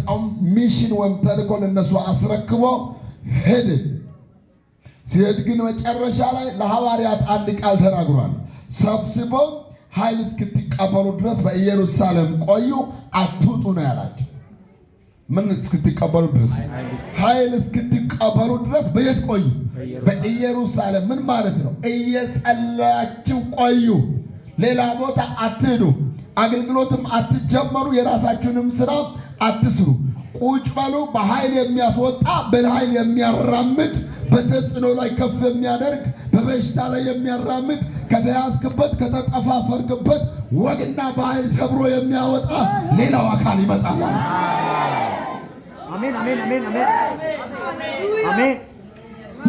አሁን ሚሽን ወይም ተልእኮ ለነሱ አስረክቦ ሄደ። ሲሄድ ግን መጨረሻ ላይ ለሐዋርያት አንድ ቃል ተናግሯል። ሰብስቦ ኃይል እስክትቀበሉ ድረስ በኢየሩሳሌም ቆዩ፣ አትውጡ ነው ያላቸው። ምን እስክትቀበሉ ድረስ? ኃይል እስክትቀበሉ ድረስ በየት ቆዩ? በኢየሩሳሌም። ምን ማለት ነው? እየጸለያችሁ ቆዩ። ሌላ ቦታ አትሄዱ፣ አገልግሎትም አትጀመሩ፣ የራሳችሁንም ስራ አትስሩ። ቁጭ በሉ። በኃይል የሚያስወጣ በኃይል የሚያራምድ በተጽዕኖ ላይ ከፍ የሚያደርግ በበሽታ ላይ የሚያራምድ ከተያዝክበት ከተጠፋፈርክበት ወግና በኃይል ሰብሮ የሚያወጣ ሌላው አካል ይመጣል።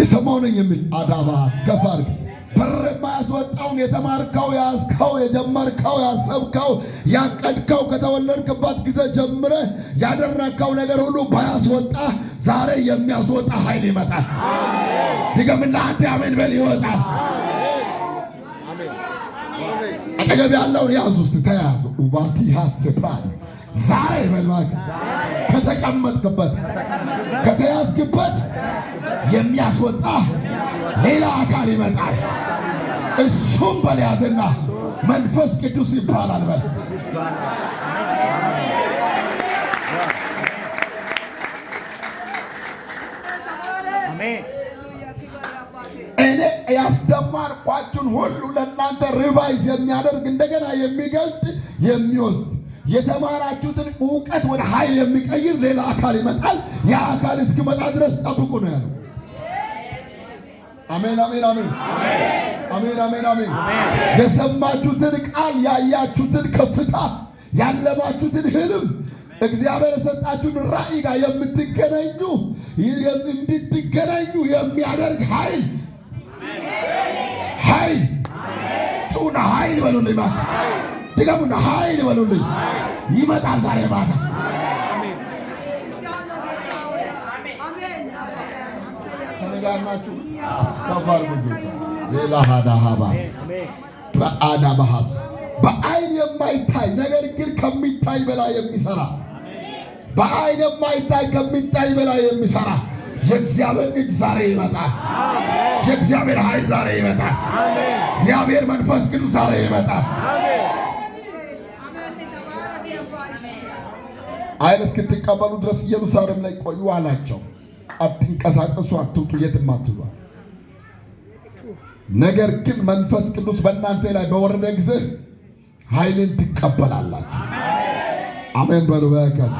የሰማው ነኝ የሚል አዳባ አስከፋ አድርግ ብር የማያስወጣውን የተማርከው ያስከው የጀመርከው ያሰብከው ያቀድከው ከተወለድክበት ጊዜ ጀምረ ያደረግከው ነገር ሁሉ ባያስወጣ ዛሬ የሚያስወጣ ኃይል ይመጣል። ድገምና አንተ አሜን በል። ይወጣል። አጠገብ ያለውን ያዙ ውስጥ ተያዙ ባቲ ያስባል ዛሬ በልባት ከተቀመጥክበት ከተያዝክበት የሚያስወጣ ሌላ አካል ይመጣል። እሱም በለያዘና መንፈስ ቅዱስ ይባላል በል እኔ ያስተማርኳችሁን ሁሉ ለእናንተ ሪቫይዝ የሚያደርግ እንደገና የሚገልጥ የሚወስድ የተማራችሁትን እውቀት ወደ ኃይል የሚቀይር ሌላ አካል ይመጣል። ያ አካል እስኪመጣ ድረስ ጠብቁ ነው ያለው። አሜን፣ አሜን፣ አሜን፣ አሜን፣ አሜን፣ አሜን። የሰማችሁትን ቃል ያያችሁትን ከፍታ ያለማችሁትን ህልም እግዚአብሔር የሰጣችሁን ራእይ ጋር የምትገናኙ እንድትገናኙ የሚያደርግ ኃይል ኃይል ጩና ኃይል በሉልኝ ማታ ድገሙና ኃይል በሉልኝ ይመጣል ዛሬ ማታ ተነጋናችሁ ሌላሃዳሃባስ በአዳባሃስ በአይን የማይታይ ነገር ግን ከሚታይ በላይ የሚሰራ በአይን የማይታይ ከሚታይ በላይ የሚሰራ የእግዚአብሔር እጅ ዛሬ ይመጣል። የእግዚአብሔር ኃይል ዛሬ ይመጣል። እግዚአብሔር መንፈስ ቅዱስ ዛሬ ይመጣል። ኃይል እስክትቀበሉ ድረስ ኢየሩሳሌም ላይ ቆዩ አላቸው። አትንቀሳቀሱ፣ አትውጡ፣ የትም አትሏል ነገር ግን መንፈስ ቅዱስ በእናንተ ላይ በወረደ ጊዜ ኃይልን ትቀበላላችሁ። አሜን በሉ። በረከት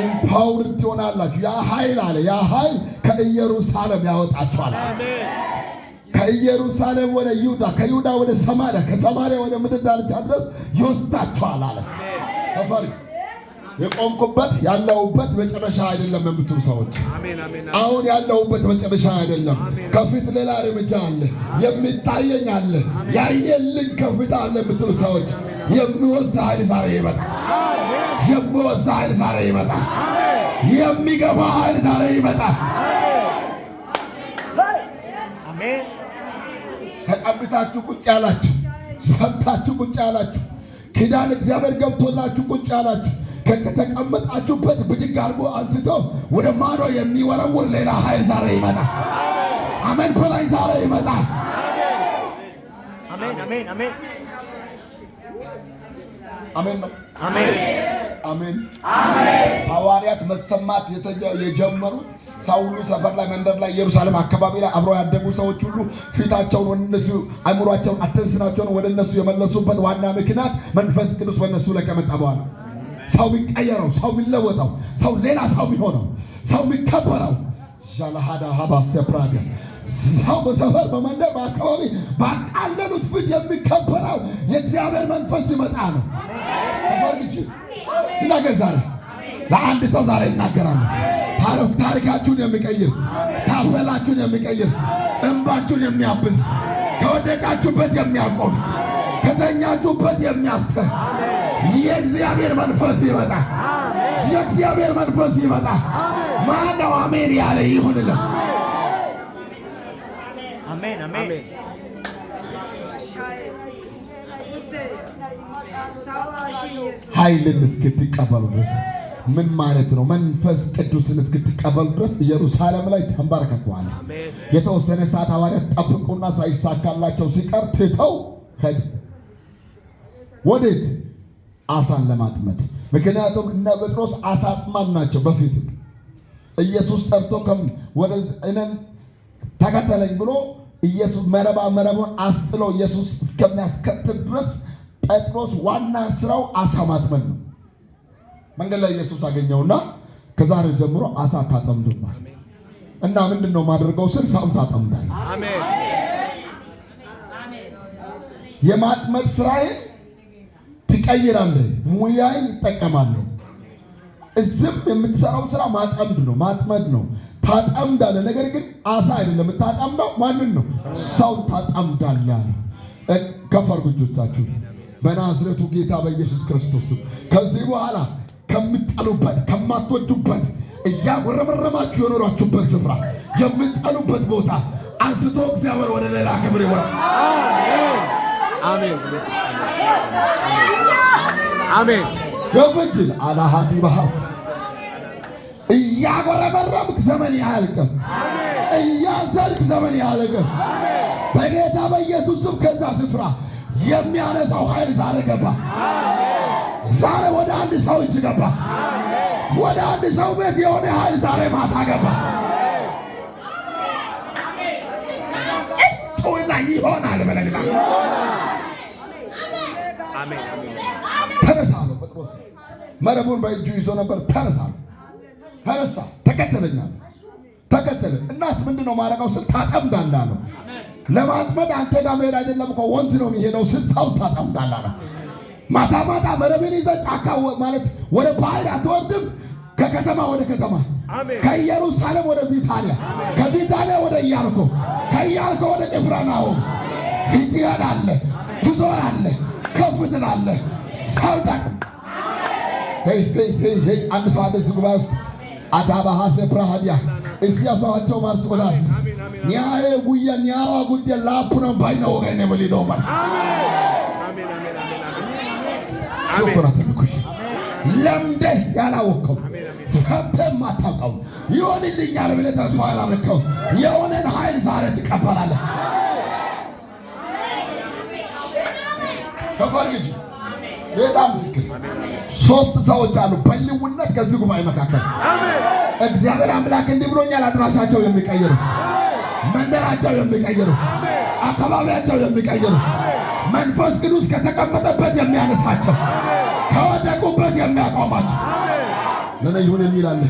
ኢምፓወርድ ትሆናላችሁ። ያ ኃይል አለ ያ ኃይል ከኢየሩሳሌም ያወጣችኋል። ከኢየሩሳሌም ወደ ይሁዳ፣ ከይሁዳ ወደ ሰማሪያ ከሰማሪያ ወደ ምድር ዳርቻ ድረስ ይወስዳችኋል አለ። የቆምኩበት ያለሁበት መጨረሻ አይደለም የምትሉ ሰዎች አሁን ያለሁበት መጨረሻ አይደለም። ከፊት ሌላ እርምጃ አለ፣ የሚታየኝ አለ፣ ያየልኝ ከፊት አለ የምትሉ ሰዎች የሚወስድ ኃይል ዛሬ ይመጣል። የሚወስድ ኃይል ዛሬ ይመጣል። የሚገባ ኃይል ዛሬ ይመጣል። ተቀብታችሁ ቁጭ ያላችሁ፣ ሰምታችሁ ቁጭ ያላችሁ፣ ኪዳን እግዚአብሔር ገብቶላችሁ ቁጭ ያላችሁ ከተቀመጣችሁበት ብድግ አድርጎ አንስቶ ወደ ማዶ የሚወረውር ሌላ ኃይል ዛሬ ይመጣል። አሜን በላይ ዛሬ ይመጣል። አሜን አሜን። ሐዋርያት መሰማት የጀመሩት ሰው ሁሉ ሰፈር ላይ፣ መንደር ላይ፣ ኢየሩሳሌም አካባቢ ላይ አብረው ያደጉ ሰዎች ሁሉ ፊታቸውን ወደ እነሱ አይምሯቸውን፣ አተንስናቸውን ወደ እነሱ የመለሱበት ዋና ምክንያት መንፈስ ቅዱስ በእነሱ ላይ ከመጣ በኋላ ሰው የሚቀየረው፣ ሰው የሚለወጠው፣ ሰው ሌላ ሰው የሚሆነው፣ ሰው የሚከበረው ዣላሃዳ ሀባስ ፕራጋ ሰው በሰፈር በመንደር በአካባቢ ባቃለሉት ፊት የሚከበረው የእግዚአብሔር መንፈስ ሲመጣ ነው። ተፈርግች ይናገር ዛሬ ለአንድ ሰው ዛሬ እናገራለሁ። ታሪካችሁን የሚቀይር ታፈላችሁን የሚቀይር እንባችሁን የሚያብስ ከወደቃችሁበት የሚያቆም ከተኛችሁበት የሚያስተ የእግዚአብሔር መንፈስ ይመጣል። የእግዚአብሔር መንፈስ ይመጣል። ማነው አሜን ያለ ይሁንልን። ኃይልን እስክትቀበሉ ድረስ ምን ማለት ነው? መንፈስ ቅዱስን እስክትቀበሉ ድረስ ኢየሩሳሌም ላይ ተንበርከኳል። የተወሰነ ሰዓት ሐዋርያት ጠብቁና ሳይሳካላቸው ሲቀር ትተው ወዴት አሳን ለማጥመድ። ምክንያቱም እነ ጴጥሮስ አሳ አጥማድ ናቸው። በፊት ኢየሱስ ጠርቶ እነን ተከተለኝ ብሎ ኢየሱስ መረባ መረቡን አስጥሎ ኢየሱስ እስከሚያስከትል ድረስ ጴጥሮስ ዋና ስራው አሳ ማጥመድ ነው። መንገድ ላይ ኢየሱስ አገኘውና ከዛሬ ጀምሮ አሳ ታጠምዱማ እና ምንድን ነው ማድረገው ስል ሰውን ታጠምዳል። የማጥመድ ስራዬ ትቀይራለህ። ሙያዬን ይጠቀማለሁ። እዚህም የምትሰራው ስራ ማጠምድ ነው፣ ማጥመድ ነው። ታጠምዳለህ። ነገር ግን አሳ አይደለም የምታጠምደው፣ ማንን ነው? ሰው ታጠምዳለህ። ከፍ እጆቻችሁ በናዝረቱ ጌታ በኢየሱስ ክርስቶስ። ከዚህ በኋላ ከምትጠሉበት ከማትወዱበት እያጉረመረማችሁ የኖራችሁበት ስፍራ የምትጠሉበት ቦታ አንስቶ እግዚአብሔር ወደ ሌላ ክብር ይወራል። አሜን። አሜን። በፍድል አላሃዲ ባሃት እያጎረበረብክ ዘመን ያልቅም፣ እያዘርክ ዘመን ያልቅም። በጌታ በኢየሱስ ስም ከዛ ስፍራ የሚያነሳው ኃይል ዛሬ ገባ። ዛሬ ወደ አንድ ሰው እጅ ገባ። ወደ አንድ ሰው ቤት የሆነ ኃይል ዛሬ ማታ ገባ። እጩና ይሆናል ተነሳ አለው ጴጥሮስ። መረቡን በእጁ ይዞ ነበር። ተነሳ ተነሳ፣ ተከተለኛል ተከተለ። እናስ ምንድን ነው ማረጋው ስል ታጠምዳለህ አለው። ለማጥመድ አንተ ጋር መሄድ አይደለም እኮ ወንዝ ነው የሚሄደው ስል ሰው ታጠምዳለህ አለው። ማታ ማታ መረብን ይዘህ ጫካ ማለት ወደ ባህር አትወርድም። ከከተማ ወደ ከተማ፣ ከኢየሩሳሌም ወደ ቢታንያ፣ ከቢታንያ ወደ ኢያሪኮ፣ ከኢያሪኮ ወደ ቅፍርናሆም ትሄዳለህ፣ ትዞራለህ ከፍ ትላለህ። ሳውጠቅ አንድ ሰው አደስ ጉባኤ ውስጥ አዳባሃሴ ብርሃድያ እዚያ ሰዋቸው ማርስ ቆዳስ ኒያሄ ጉያ ኒያራ ጉዴ ላፑነ ባይነ ወገኔ በሊዶ ማለት ሽኩራተንኩሽ ለምደህ ያላወቀው ሰምተህ ማታውቀው ይሆንልኛል ብለህ ተስፋ ያላረከው የሆነን ኃይል ዛሬ ትቀበላለህ። ከፈር ግጅ ጌታ ምስክር። ሶስት ሰዎች አሉ በልውነት ከዚህ ጉባኤ መካከል እግዚአብሔር አምላክ እንዲህ ብሎኛል። አድራሻቸው የሚቀይሩ መንደራቸው የሚቀይሩ አካባቢያቸው የሚቀይሩ መንፈስ ቅዱስ ከተቀመጠበት የሚያነሳቸው ከወደቁበት የሚያቋማቸው ለነ ይሁን የሚላለ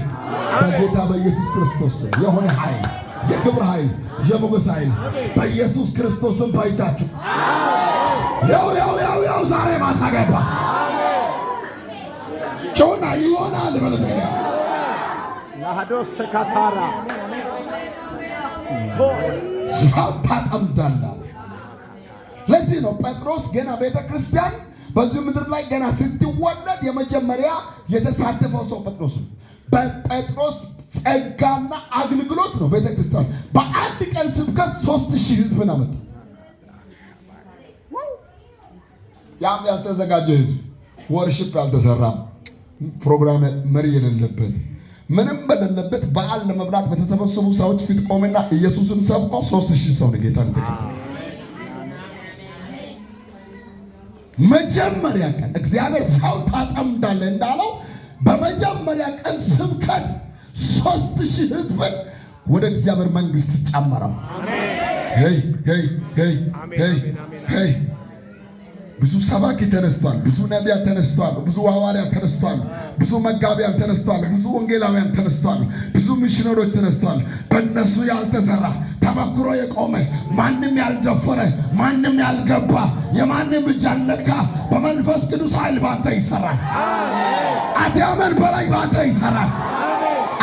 በጌታ በኢየሱስ ክርስቶስ የሆነ ኃይል የክብር ኃይል የሞገስ ኃይል በኢየሱስ ክርስቶስን ባይታችሁ ያው ያው ያው ያው ዛሬ ማታ ገባ ጮና ይሆናል ማለት ነው። ለሃዶስ ካታራ ሳባ ጠምዳላ። ለዚህ ነው ጴጥሮስ ገና ቤተ ክርስቲያን በዚህ ምድር ላይ ገና ስትወለድ የመጀመሪያ የተሳተፈው ሰው ጴጥሮስ ነው። በጴጥሮስ ጸጋና አገልግሎት ነው ቤተ ክርስቲያን በአንድ ቀን ስብከት ሦስት ሺህ ህዝብን አመጣ። ያም ያልተዘጋጀ ህዝብ ወርሽፕ ያልተሰራም ፕሮግራም መሪ የሌለበት ምንም በሌለበት በዓል ለመብላት በተሰበሰቡ ሰዎች ፊት ቆመና ኢየሱስን ሰብቆ ሶስት ሺህ ሰው ጌታ መጀመሪያ ቀን እግዚአብሔር ሰው ታጠምዳለ እንዳለው በመጀመሪያ ቀን ስብከት ሶስት ሺህ ህዝብን ወደ እግዚአብሔር መንግስት ጨመረው። ብዙ ሰባኪ ተነስቷል። ብዙ ነቢያት ተነስቷል። ብዙ ሐዋርያት ተነስቷል። ብዙ መጋቢያን ተነስቷል። ብዙ ወንጌላውያን ተነስቷል። ብዙ ሚሽነሮች ተነስቷል። በእነሱ ያልተሰራ ተመክሮ የቆመ ማንም ያልደፈረ ማንም ያልገባ የማንም እጅ ያልነካ በመንፈስ ቅዱስ ኃይል ባንተ ይሰራል። አዲያመን በላይ ባንተ ይሰራል።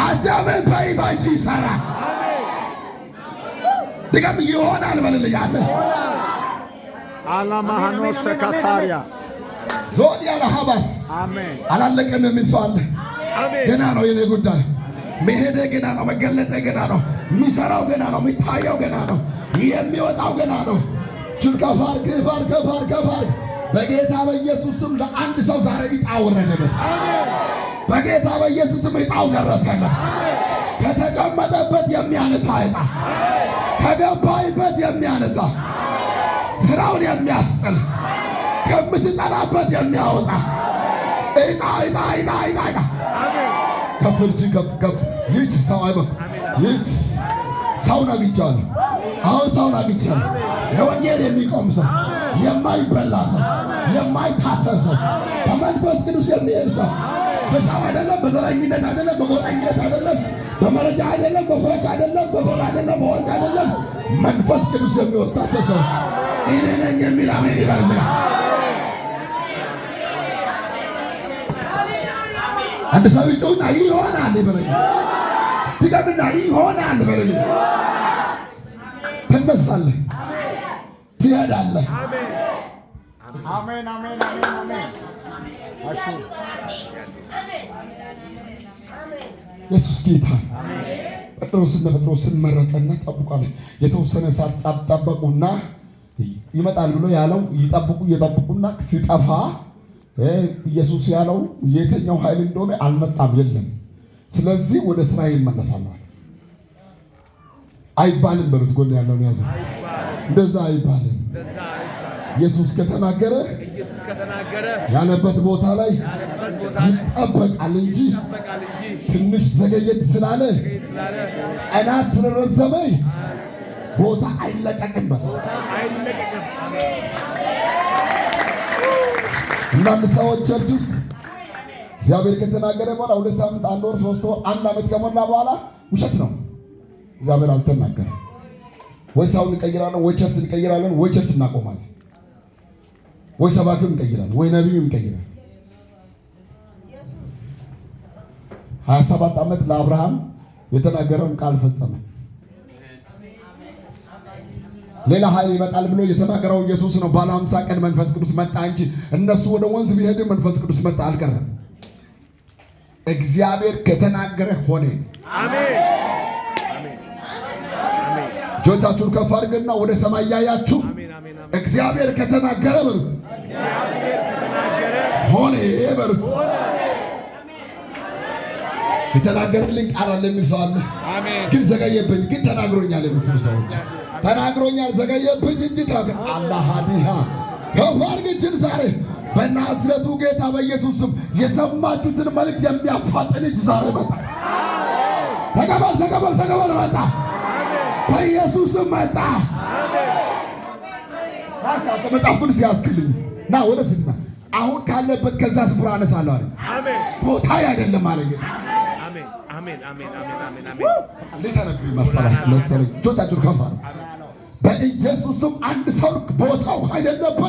አዲያመን በይ ባንቺ ይሰራል። ድገም ይሆናል በልልያተ አላማሃኖስ ሰካታሪያ ሎዲ አላሃባስ አሜን። አላለቀም የሚል ሰው አለ። ገና ነው የኔ ጉዳይ። መሄደ ገና ነው። መገለጠ ገና ነው። የሚሰራው ገና ነው። የሚታየው ገና ነው። የሚወጣው ገና ነው። እጁን ከፍ አድርግ፣ ከፍ በጌታ በኢየሱስ ለአንድ ሰው ዛሬ ዕጣ ወረደበት። በጌታ በኢየሱስ ዕጣው ደረሰበት። ከተቀመጠበት የሚያነሳ ዕጣ ከገባይበት የሚያነሳ ስራውን የሚያስጥል ከምትጠላበት የሚያወጣ እና እና ገብገብ ይች ሰው አይበቅ ይች ሰውን አግኝቻለሁ። አሁን ሰውን አግኝቻለሁ። ለወንጌል የሚቆም ሰው፣ የማይበላ ሰው፣ የማይታሰር ሰው፣ በመንፈስ ቅዱስ የሚሄድ ሰው በሰው አይደለም፣ በዘረኝነት አይደለም፣ በጎጠኝነት አይደለም፣ በመረጃ አይደለም፣ በፎቅ አይደለም፣ በቦል አይደለም፣ በወርቅ አይደለም። መንፈስ ቅዱስ የሚወስዳቸው ሰዎች እኔ ነኝ የሚል አሜን ይበል። አንድ ሰው ይጮና ይሆናል በለኝ። ድገምና ይሆናል በለኝ። ትነሳለህ፣ ትሄዳለህ። ኢየሱስ ጌታ ጴጥሮስን መረጠና ጠብቋል። የተወሰነ ሰዓት ጠበቁና ይመጣል ብሎ ያለው ይጠብቁ እየጠብቁና ሲጠፋ ኢየሱስ ያለው የተኛው ኃይል እንደሆነ አልመጣም፣ የለም። ስለዚህ ወደ ስራ ይመለሳል አይባልም። በሉት ጎን ያለው ያዘ። እንደዛ አይባልም። ኢየሱስ ከተናገረ ያለበት ቦታ ላይ ይጠበቃል እንጂ ትንሽ ዘገየት ስላለ ቀናት ስለረዘመ ቦታ አይለቀቅም። አንዳንድ ሰዎች ቸርች ውስጥ እግዚአብሔር ከተናገረ በኋላ ሁለት ሳምንት፣ አንድ ወር፣ ሶስት ወር፣ አንድ ዓመት ከሞላ በኋላ ውሸት ነው፣ እግዚአብሔር አልተናገረ ወይ ሰው እንቀይራለን፣ ወይ ቸርች እንቀይራለን፣ ወይ ቸርች እናቆማለን፣ ወይ ሰባክም እንቀይራለን፣ ወይ ነቢዩ እንቀይራለን። ሀያ ሰባት ዓመት ለአብርሃም የተናገረውን ቃል ፈጸመ። ሌላ ኃይል ይመጣል ብሎ የተናገረው ኢየሱስ ነው። ባለ ሀምሳ ቀን መንፈስ ቅዱስ መጣ እንጂ እነሱ ወደ ወንዝ ቢሄድ መንፈስ ቅዱስ መጣ አልቀረም። እግዚአብሔር ከተናገረ ሆነ። አሜን። እጆቻችሁን ከፍ አድርግና ወደ ሰማይ ያያችሁ እግዚአብሔር ከተናገረ በሉት ሆነ በሉት። የተናገረልኝ ቃል አለ የሚል ሰው አለ፣ ግን ዘገየብኝ፣ ግን ተናግሮኛል የምትሉ ሰዎች ተናግሮኛል። ዘገየብኝ እንጂ ከፋር የፋርግችን ዛሬ በናዝረቱ ጌታ በኢየሱስ ስም የሰማችሁትን መልእክት የሚያፋጥን እጅ ዛሬ መጣ። ተቀበል ተቀበል ተቀበል መጣ። በኢየሱስ ስም መጣ። መጽሐፍ ቅዱስ ያስክልኝ ና ወደፊት ና። አሁን ካለበት ከዛ ስፍራ አነሳለሁ አለ። ቦታ አይደለም አለ ጌታ። እንዴት አነብ መሰለ መሰለኝ እጆቻችሁን ከፍ አለ በኢየሱስም አንድ ሰው ቦታው አይደለበት